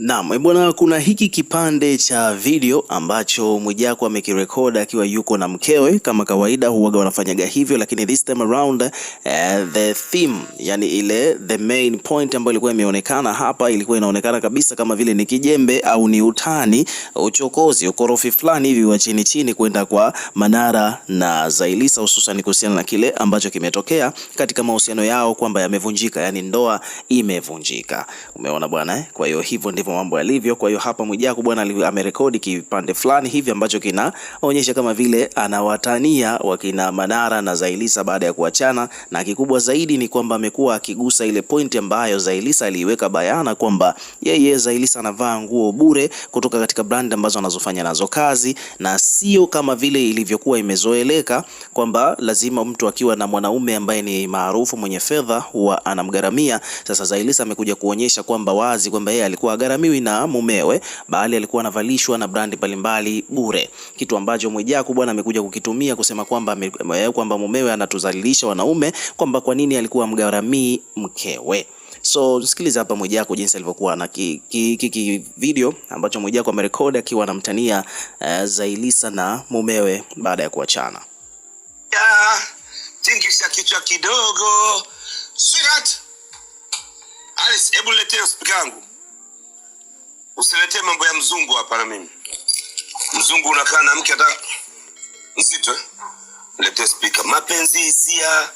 Naam, eh, bwana, kuna hiki kipande cha video ambacho Mwijaku amekirekoda akiwa yuko na mkewe. Kama kawaida huwaga wanafanyaga hivyo, lakini this time around uh, the theme, yani ile the main point ambayo ilikuwa imeonekana hapa ilikuwa inaonekana kabisa kama vile ni kijembe au ni utani, uchokozi, ukorofi fulani hivi wa chini chini kwenda kwa Manara na Zailisa, hususan kuhusiana na kile ambacho kimetokea katika mahusiano yao kwamba yamevunjika, yani ndoa imevunjika. Umeona bwana eh? Kwa hiyo hivyo ndivyo ndivyo mambo yalivyo. Kwa hiyo hapa Mwijaku bwana amerekodi kipande fulani hivi ambacho kinaonyesha kama vile anawatania wakina Manara na Zailisa baada ya kuachana, na kikubwa zaidi ni kwamba amekuwa akigusa ile pointi ambayo Zailisa aliiweka bayana kwamba yeye Zailisa anavaa nguo bure kutoka katika brand ambazo anazofanya nazo kazi, na sio kama vile ilivyokuwa imezoeleka kwamba lazima mtu akiwa na mwanaume ambaye ni maarufu mwenye fedha huwa anamgaramia. Sasa Zailisa amekuja kuonyesha kwamba wazi kwamba yeye alikuwa hakulalamiwi na mumewe, bali alikuwa anavalishwa na brandi mbalimbali bure, kitu ambacho Mwijaku bwana amekuja kukitumia kusema kwamba eh, kwamba mumewe anatuzalilisha wanaume, kwamba kwa nini alikuwa mgaramii mkewe. So sikiliza hapa Mwijaku jinsi alivyokuwa na ki, ki, ki, ki video ambacho Mwijaku amerekodi akiwa anamtania uh, Zailisa na mumewe baada ya kuachana. Yeah, Tingisha kichwa kidogo. Sweetheart. Alice, hebu niletee spika yangu. Usiletee mambo ya mzungu hapa na mimi. Mzungu unakaa na mke hata mzito eh? Lete speaker. Mapenzi hisia.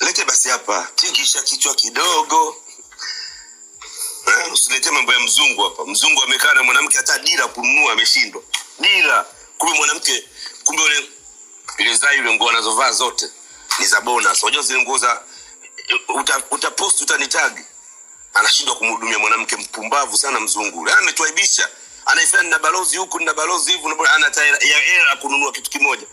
Lete basi hapa. Tingisha kichwa kidogo. Eh, usiletee mambo ya mzungu hapa. Mzungu amekaa na mwanamke hata dira kununua ameshindwa. Dira. Kumbe mwanamke kumbe yule ile nguo anazovaa zote ni za bonus. Unajua zile nguo za uta, uta anashindwa kumhudumia mwanamke mpumbavu sana mzungu yule yaani ametuaibisha anaifanya nina balozi huku nina balozi hivi ya era kununua kitu kimoja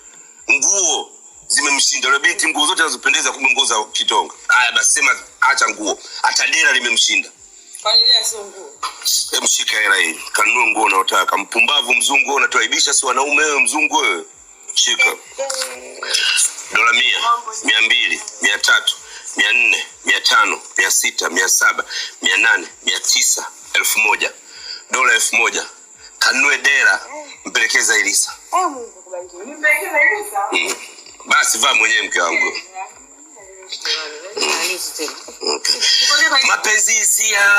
nguo zimemshinda yule binti nguo zote anazopendeza kumbe nguo za kitonga haya basi sema acha nguo hata dera limemshinda mshika hela hii kanunue nguo unaotaka mpumbavu mzungu wewe unatuaibisha si wanaume wewe mzungu wewe shika eh, eh. dola mia mia mbili mia tatu mia nne tano mia sita mia saba mia nane mia tisa elfu moja dola elfu moja kanue dera mpelekee Zailisa. Mm. Basi vaa mwenyewe mke wangu. Mapenzi hisia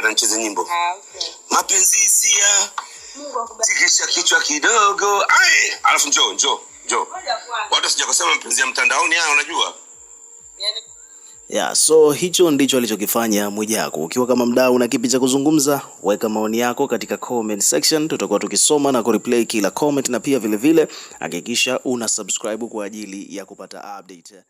anacheza nyimbo mapenzi hisia tikisha kichwa kidogo, alafu njoo njoo njoo, watu sijakosema mapenzi ya mtandaoni haya, ah, unajua Yeah, so hicho ndicho alichokifanya Mwijaku. Ukiwa kama mdau na kipi cha kuzungumza, weka maoni yako katika comment section, tutakuwa tukisoma na kureplay kila comment, na pia vilevile hakikisha una subscribe kwa ajili ya kupata update.